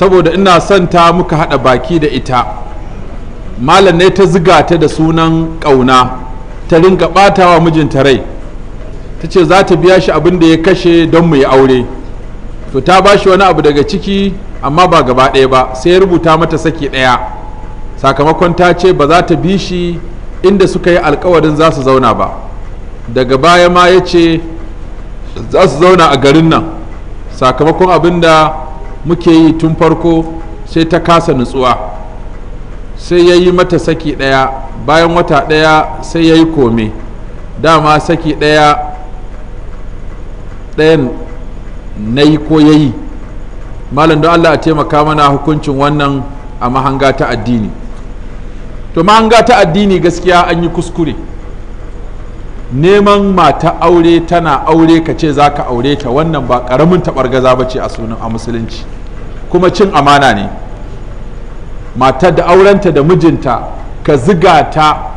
saboda ina son ta muka haɗa baki da ita malam ne ta ziga ta da sunan ƙauna ta ringa ɓatawa mijinta rai ta ce za ta biya shi abin da ya kashe don mu yi aure to ta ba shi wani abu daga ciki amma ba gaba ɗaya ba sai ya rubuta mata saki ɗaya sakamakon ta ce ba za ta bi shi inda suka yi alkawarin za su zauna ba daga baya ma ya ce za su zauna a garin nan sakamakon abin da muke yi tun farko sai ta kasa nutsuwa sai ya yi mata saki ɗaya bayan wata ɗaya sai ya yi kome dama saki ɗaya ɗayan na yi ko ya yi malam don allah a taimaka mana hukuncin wannan a mahanga ta addini to mahanga ta addini gaskiya an yi kuskure neman mata aure tana aure ka ce za ka aure ta wannan ba ƙaramin taɓargaza ba ce a sunan a musulunci kuma cin amana ne Mata da aurenta da mijinta ka ziga ta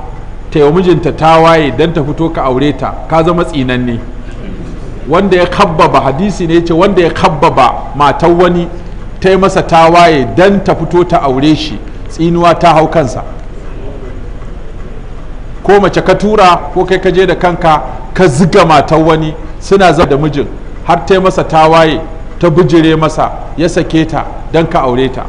ta yi mijinta ta waye don ta fito ka aure ta ka zama tsinanne wanda ya kabbaba hadisi ne ce wanda ya kabbaba matar wani ta yi masa ta waye don ta fito ta aure shi tsinuwa ta hau kansa ko mace ka tura ko kai ka je da kanka ka ziga matar wani suna zama da mijin har ta masa tawaye ta bijire masa ya sake ta don ka aure ta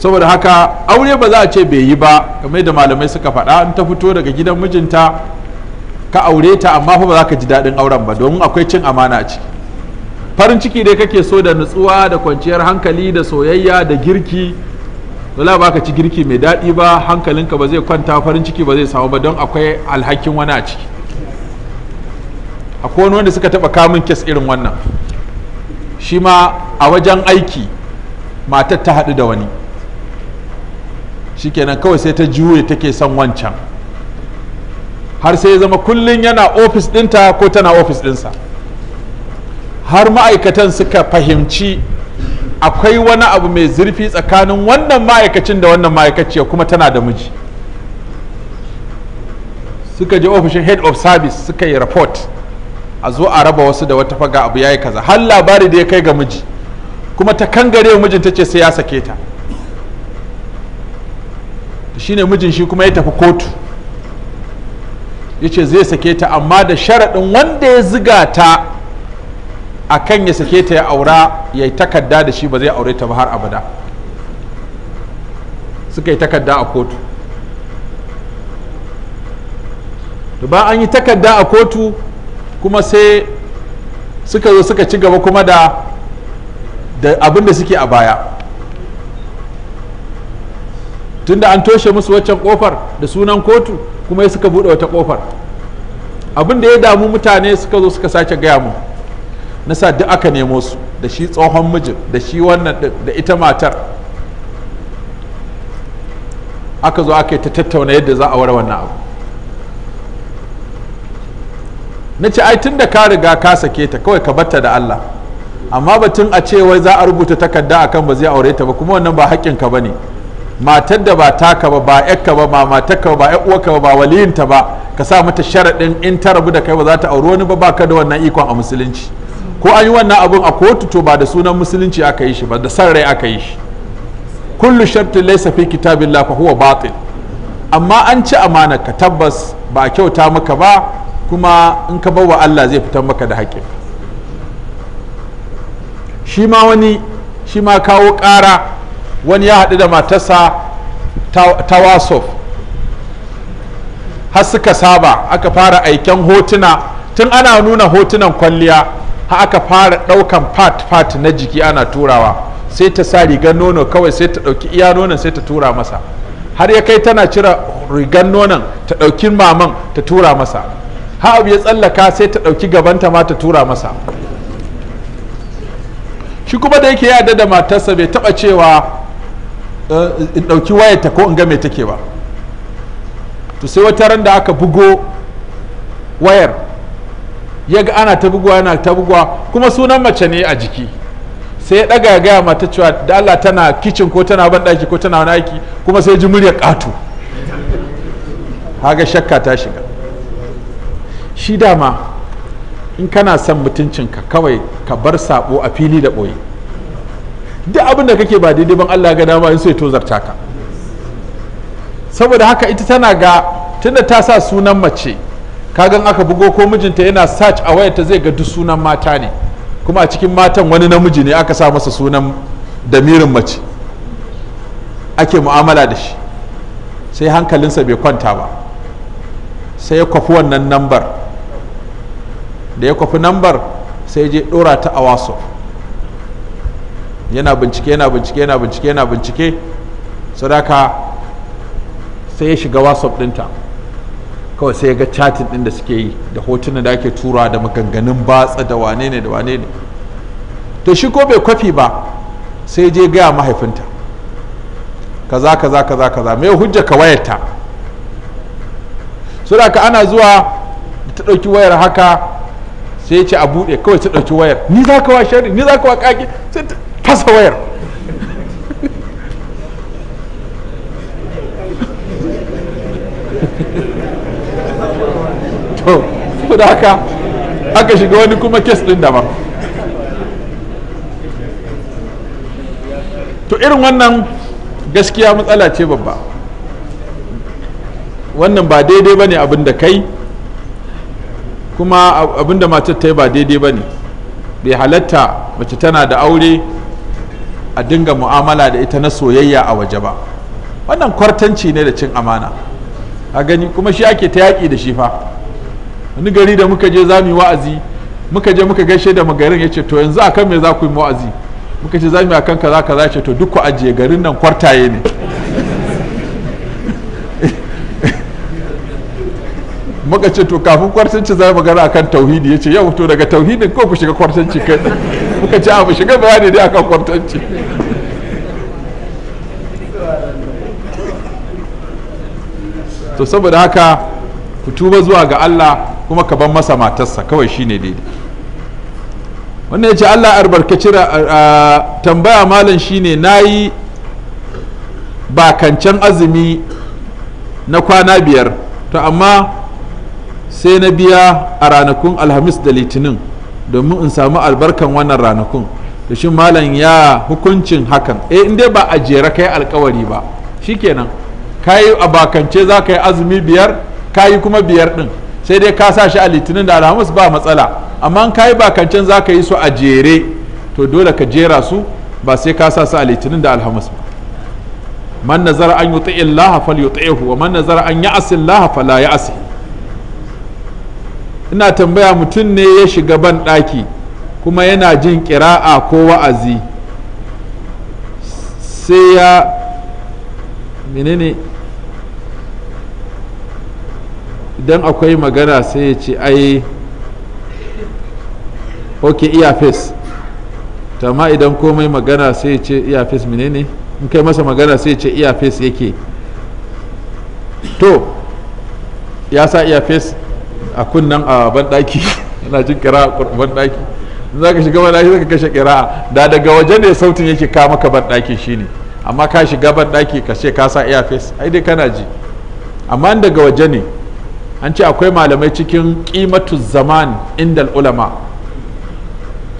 saboda haka aure ba za a ce bai yi ba kamar da malamai suka faɗa in ta fito daga gidan mijinta ka aure ta amma fa ba za ka ji daɗin auren ba domin akwai cin amana a ciki farin ciki dai kake so da nutsuwa da kwanciyar hankali da soyayya da girki dole ba ka ci girki mai daɗi ba hankalinka ba zai kwanta farin ciki ba zai samu ba don akwai alhakin wani a ciki akwai wani wanda suka taɓa kamun kes irin wannan shi ma a wajen aiki matar ta haɗu da wani shi kenan kawai sai ta juye take son wancan har sai ya zama kullum yana ofis ɗinta ko tana ofis ɗinsa har ma'aikatan suka fahimci akwai wani abu mai zurfi tsakanin wannan ma'aikacin da wannan ma'aikaciya kuma tana da miji suka je ofishin head of service suka yi report a zo a raba wasu da wata faga abu yayi kaza har labari da ya kai ga miji kuma ta kangare mijin ta ce sai ya sake ta shi ne mijin shi kuma ya tafi kotu ya ce zai sake ta amma da sharaɗin wanda ya ziga ta akan ya sake ta ya aura ya yi takarda da shi ba zai aure ta ba har abada suka yi takarda a kotu da ba an yi takarda a kotu kuma sai suka zo suka ci gaba kuma da abin da suke a baya tunda an toshe musu waccan kofar da sunan kotu kuma ya suka buɗe wata kofar abin da ya damu mutane suka zo suka sace gaya mu sa duk aka nemo su da shi tsohon mijin da shi wannan da ita matar aka zo aka yi ta tattauna yadda za a ware wannan abu na ce ai tun da ka riga ka sake ta kawai ka batta da Allah amma batun a ce wai za a rubuta takarda akan ba zai aure ta ba kuma wannan ba haƙƙin ka ba ne matar da ba taka ba ba ƴakka ba ba matarka ba ba ƴar ka ba ba waliyinta ba ka sa mata sharaɗin in ta rabu da kai ba za ta auri wani ba ka da wannan ikon a musulunci ko an yi wannan abun a kotu to ba da sunan musulunci aka yi shi ba da san rai aka yi shi kullu shartu laysa fi kitabillah fa huwa batil amma an ci amana ka tabbas ba a kyauta maka ba kuma in ka bawa Allah zai fitar maka da haƙƙin shi ma wani shi ma kawo ƙara wani ya haɗu da matarsa ta wasof har suka saba aka fara aiken hotuna tun ana nuna hotunan kwalliya ha aka fara ɗaukan fat fat na jiki ana turawa sai ta sa rigar nono kawai sai ta ɗauki iya nonon sai ta tura masa har ya kai tana cire rigar nonon ta dauki maman ta tura masa ha abu ya tsallaka sai ta ɗauki gabanta ma ta tura masa shi kuma da yake yada da matarsa bai taba cewa eh, in ɗauki wayarta ko in ga mai take ba to sai wata ran da aka bugo wayar ya ga ana ta buguwa yana ta buguwa kuma sunan mace ne a jiki sai ya ɗaga ya gaya mata cewa da Allah tana kicin ko tana ban ɗaki ko tana wani aiki kuma sai ji murya ƙato haga shakka ta shiga shi dama in kana son mutuncinka kawai ka bar sabo a fili da ɓoye duk abin da kake ba daidai ban Allah ga dama in sai tozarta ka saboda haka ita tana ga tunda ta sa sunan mace kagan aka bugo ko mijinta yana search a wayarta zai ga duk sunan mata ne kuma a cikin matan wani namiji ne aka sa masa sunan damirin mace ake mu'amala da shi sai hankalinsa bai kwanta ba sai ya kwafi wannan nambar da ya kwafi nambar sai je dora ta a waso yana bincike yana bincike yana bincike yana bincike sadaka sai ya shiga wasof ɗinta kawai sai ga chatin din da suke yi da hotuna da ake tura da maganganun batsa da wane ne da wane ne to shi ko bai kwafi ba sai je gaya mahaifinta kaza kaza kaza kaza mai hujja ka wayarta so da ka ana zuwa ta ɗauki wayar haka sai ce a buɗe kawai ta ɗauki wayar ni za ka wa shari ni za ka wa kaki sai ta fasa wayar da haka aka shiga wani kuma kes din daban to irin wannan gaskiya matsala ce babba wannan ba daidai ba ne abin da kai kuma abin da matar ta yi ba daidai ba ne bai halatta mace tana da aure a dinga mu'amala da ita na soyayya a waje ba wannan kwartanci ne da cin amana a gani kuma shi ake ta yaƙi da shi fa wani gari da muka je za mu yi wa'azi muka je muka gaishe da magarin ya ce to yanzu a kan me za ku yi wa'azi muka ce za mu yi a kan kaza kaza ya ce to duk ku ajiye garin nan kwartaye ne muka ce to kafin kwartanci za mu magana kan tauhidi ya ce yau to daga tauhidin ko ku shiga kwartanci kai muka ce a mu shiga bayani dai kan kwartanci to saboda haka ku tuba zuwa ga Allah kuma ka ban masa matarsa kawai shine daidai wannan ya ce allah albarkaci tambaya malam shine na yi bakancan azumi na kwana biyar to amma sai na biya a ranakun alhamis da litinin domin in samu albarkan wannan ranakun da shi malam ya hukuncin hakan e in dai ba a jera kai alkawari ba shi shikenan yi a bakance za ka yi azumi biyar ka yi kuma biyar ɗin. sai dai ka sa shi a litinin da alhamis ba matsala amma ka yi bakancan za ka yi su a jere to dole ka jera su ba sai ka sa su a litinin da alhamis ba man nazara an yuti illaha fal yuti'hu wa man nazara an asin illaha fala asi ina tambaya mutum ne ya shiga ban daki kuma yana jin kira'a ko wa'azi sai ya menene idan akwai magana sai ya ce ai ok iyafes tamma idan komai magana sai ya ce iyafes menene in kai masa magana sai ya ce iyafes yake to ya sa iyafes a kunnan a banɗaki yana jin kira a banɗaki za ka shiga banɗaki za ka kashe kira da daga waje ne sautin yake ka maka banɗaki shine amma ka shiga banɗaki ka ce ka sa iyafes ai dai kana ji amma daga waje ne an ce akwai malamai cikin kimatu zaman inda ulama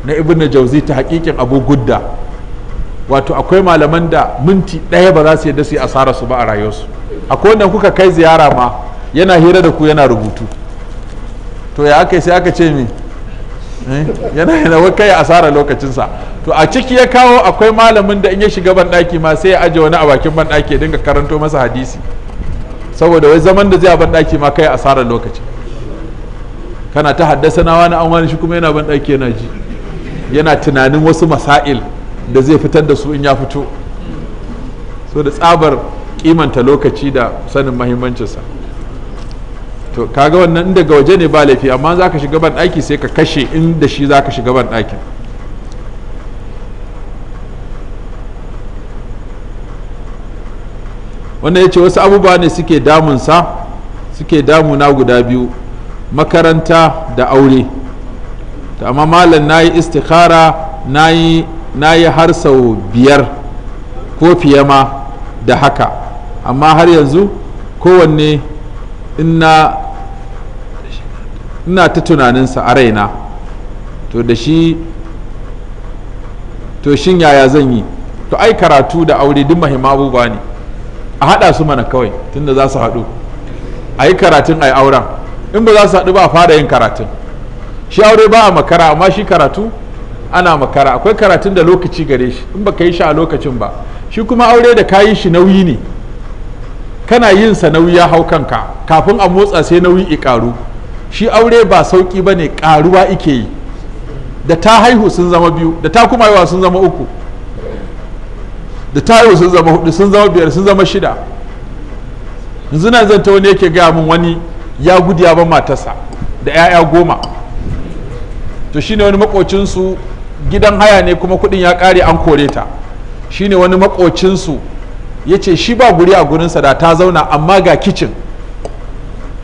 na ibn jauzi ta hakikin abu gudda wato akwai malaman da minti ɗaya ba za su yadda su yi asara su ba a rayuwarsu akwai wanda kuka kai ziyara ma yana hira da ku yana rubutu to ya aka sai aka ce mi eh? yana yana wakai asara lokacinsa to a ciki ya kawo akwai malamin da in ya shiga banɗaki ma sai ya ajiye wani a bakin ban ya dinga karanto masa hadisi saboda wai zaman da zai a banɗaki ma kai asarar lokaci kana ta haddasa na wani an wani shi kuma yana banɗaki yana ji yana tunanin wasu masail da zai fitar da su in ya fito so da tsabar kimanta lokaci da sanin mahimmancinsa to kaga wannan daga waje ne ba laifi amma za ka shiga banɗaki sai ka kashe inda shi za ka shiga banɗakin wannan ya ce wasu abubuwa ne suke damunsa suke damuna guda biyu makaranta da aure ta amma malam na yi istikhara na yi har sau biyar ko fiye ma da haka amma har yanzu kowanne ina ta tunaninsa a raina to da shi to shin yaya zan yi to ai karatu da aure duk mahimman abubuwa ne a haɗa su mana kawai tunda za su haɗu a yi karatun a yi auren in ba za su haɗu ba a fara yin karatun shi aure ba a makara amma shi karatu ana makara akwai karatun da lokaci gare shi in ba ka yi shi a lokacin ba shi kuma aure da ka yi shi nauyi ne kana yin sa nauyi ya hau kanka kafin a motsa sai nauyi i karu shi aure ba sauki ba ne karuwa ike yi da ta haihu sun zama biyu da ta kuma yawa sun zama uku da tayo sun zama hudu sun zama biyar sun zama shida yanzu na zanta wani yake gaya min wani ya gudu ya ban matarsa da 'ya'ya goma to shine wani makocinsu gidan haya ne kuma kudin ya kare an kore ta shine wani makocinsu ya ce shi ba guri a gurinsa da ta zauna amma ga kicin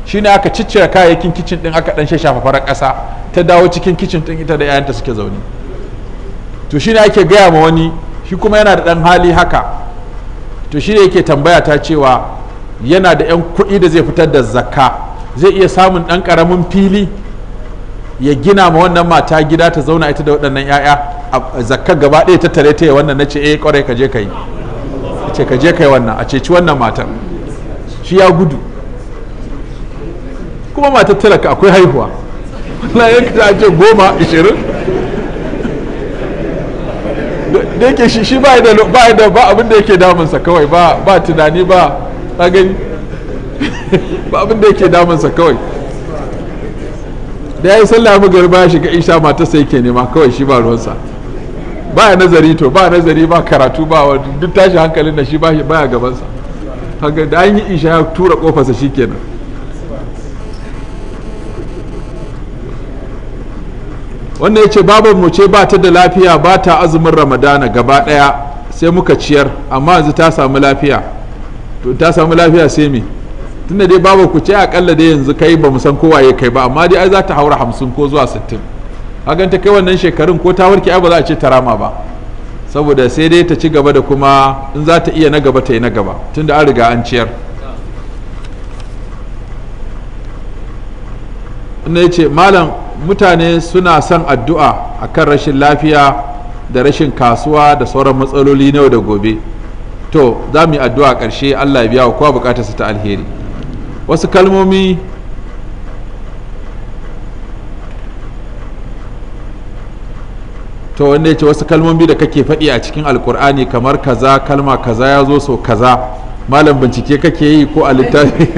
shine aka ciccire kayayyakin kicin din aka dan shafa farar ƙasa ta dawo cikin kicin din ita da 'ya'yanta suke zaune to shine ake gaya ma wani shi kuma yana da ɗan hali haka to shi ne yake tambaya ta cewa yana da 'yan kuɗi da zai fitar da zakka zai iya samun ɗan ƙaramin fili ya gina ma wannan mata gida ta zauna ita da waɗannan 'ya'ya a zakka gaba ɗaya ta tare ta yi wannan na ce eh kwarai ka je ka yi ce ka je ka yi wannan a ceci wannan matan shi ya gudu kuma matar talaka akwai haihuwa na yanka ta ce goma ishirin da yake shi shi ba da ba da ba abin da yake damunsa kawai ba ba tunani ba ka gani ba abin da yake damunsa kawai da ya yi sallah mu garba ya shiga isha mata sai ke nema kawai shi ba ruwansa ba ya nazari to ba nazari ba karatu ba duk tashi hankalin da shi ba ya gabansa kaga da an yi isha ya tura kofarsa shi kenan wannan ya ce mu ce ba ta da lafiya ba ta azumin ramadana gaba daya sai muka ciyar amma yanzu ta samu lafiya to ta samu lafiya sai me tunda dai babu ku ce akalla da yanzu kai ba san kowa ya kai ba amma dai ai za ta haura hamsin ko zuwa sittin hakan ta kai wannan shekarun ko ta warke ai ba za a ce ta rama ba saboda sai dai ta ci gaba da kuma in za ta iya na gaba ta yi na gaba tunda an riga an ciyar wannan ya ce malam mutane suna son addu'a a kan rashin lafiya da rashin kasuwa da sauran matsaloli na da gobe to za mu yi addu'a ƙarshe allah biya wa kowa su ta alheri wasu kalmomi to wanda ya ce wasu kalmomi da kake faɗi a cikin alkur'ani kamar kaza kalma kaza ya zo so kaza malam bincike kake yi ko a littafi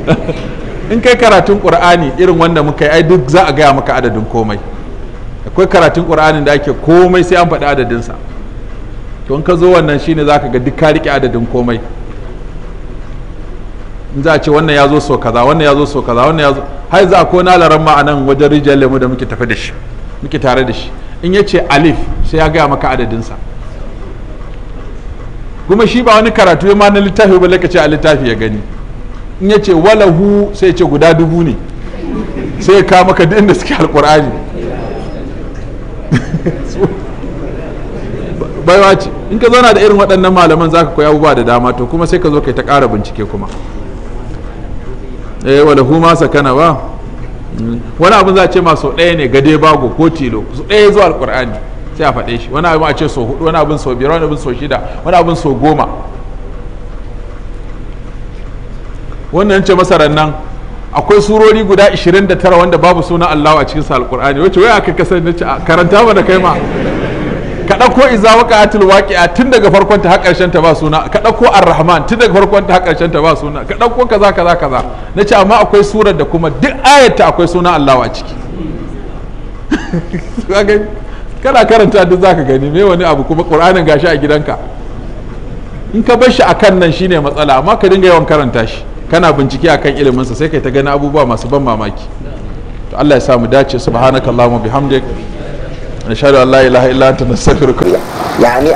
in kai karatun qur'ani irin wanda muka yi ai duk za a gaya maka adadin komai akwai karatun qur'anin da ake komai sai an faɗi adadinsa to in ka zo wannan shine zaka ga duk ka rike adadin komai in za a ce wannan ya zo so kaza wannan ya zo so kaza wannan ya zo har za a ko na laran ma anan wajen rijiyar lemu da muke tafi da shi muke tare da shi in ya ce alif sai ya gaya maka adadinsa kuma shi ba wani karatu ya ma na littafi ba lokaci a littafi ya gani in ya ce walahu sai ce guda dubu ne sai ya kama ka duk da suke alkur'ani baiwa ce in ka zauna da irin waɗannan malaman za ka koya abubuwa da dama to kuma sai ka zo kai ta ƙara bincike kuma eh walahu ma sakana ba wani abin za a ce masu sau ɗaya ne gade bago ko tilo su ɗaya zuwa alkur'ani sai a faɗe shi wani abin a ce sau hudu wani abin sau biyar wani abin sau shida wani abin sau goma wannan ce masa nan akwai surori guda 29 wanda babu suna Allah a cikin alkur'ani wacce wai aka kasar nace karanta mana kai ma ka dauko iza waqa'atul waqi'a tun daga farkon ta har karshen ta ba suna ka dauko ar-rahman tun daga farkon ta har karshen ta ba suna ka dauko kaza kaza kaza nace amma akwai surar da kuma duk ayata akwai suna Allah a ciki kana karanta duk zaka gani me wani abu kuma qur'anin gashi a gidanka in ka bar shi akan nan shine matsala amma ka dinga yawan karanta shi kana bincike akan iliminsa sai kai ta gani abubuwa masu ban mamaki to Allah ya samu dace subhanakallahumma bihamdik nashhadu an la ilaha illa anta nastaghfiruka yani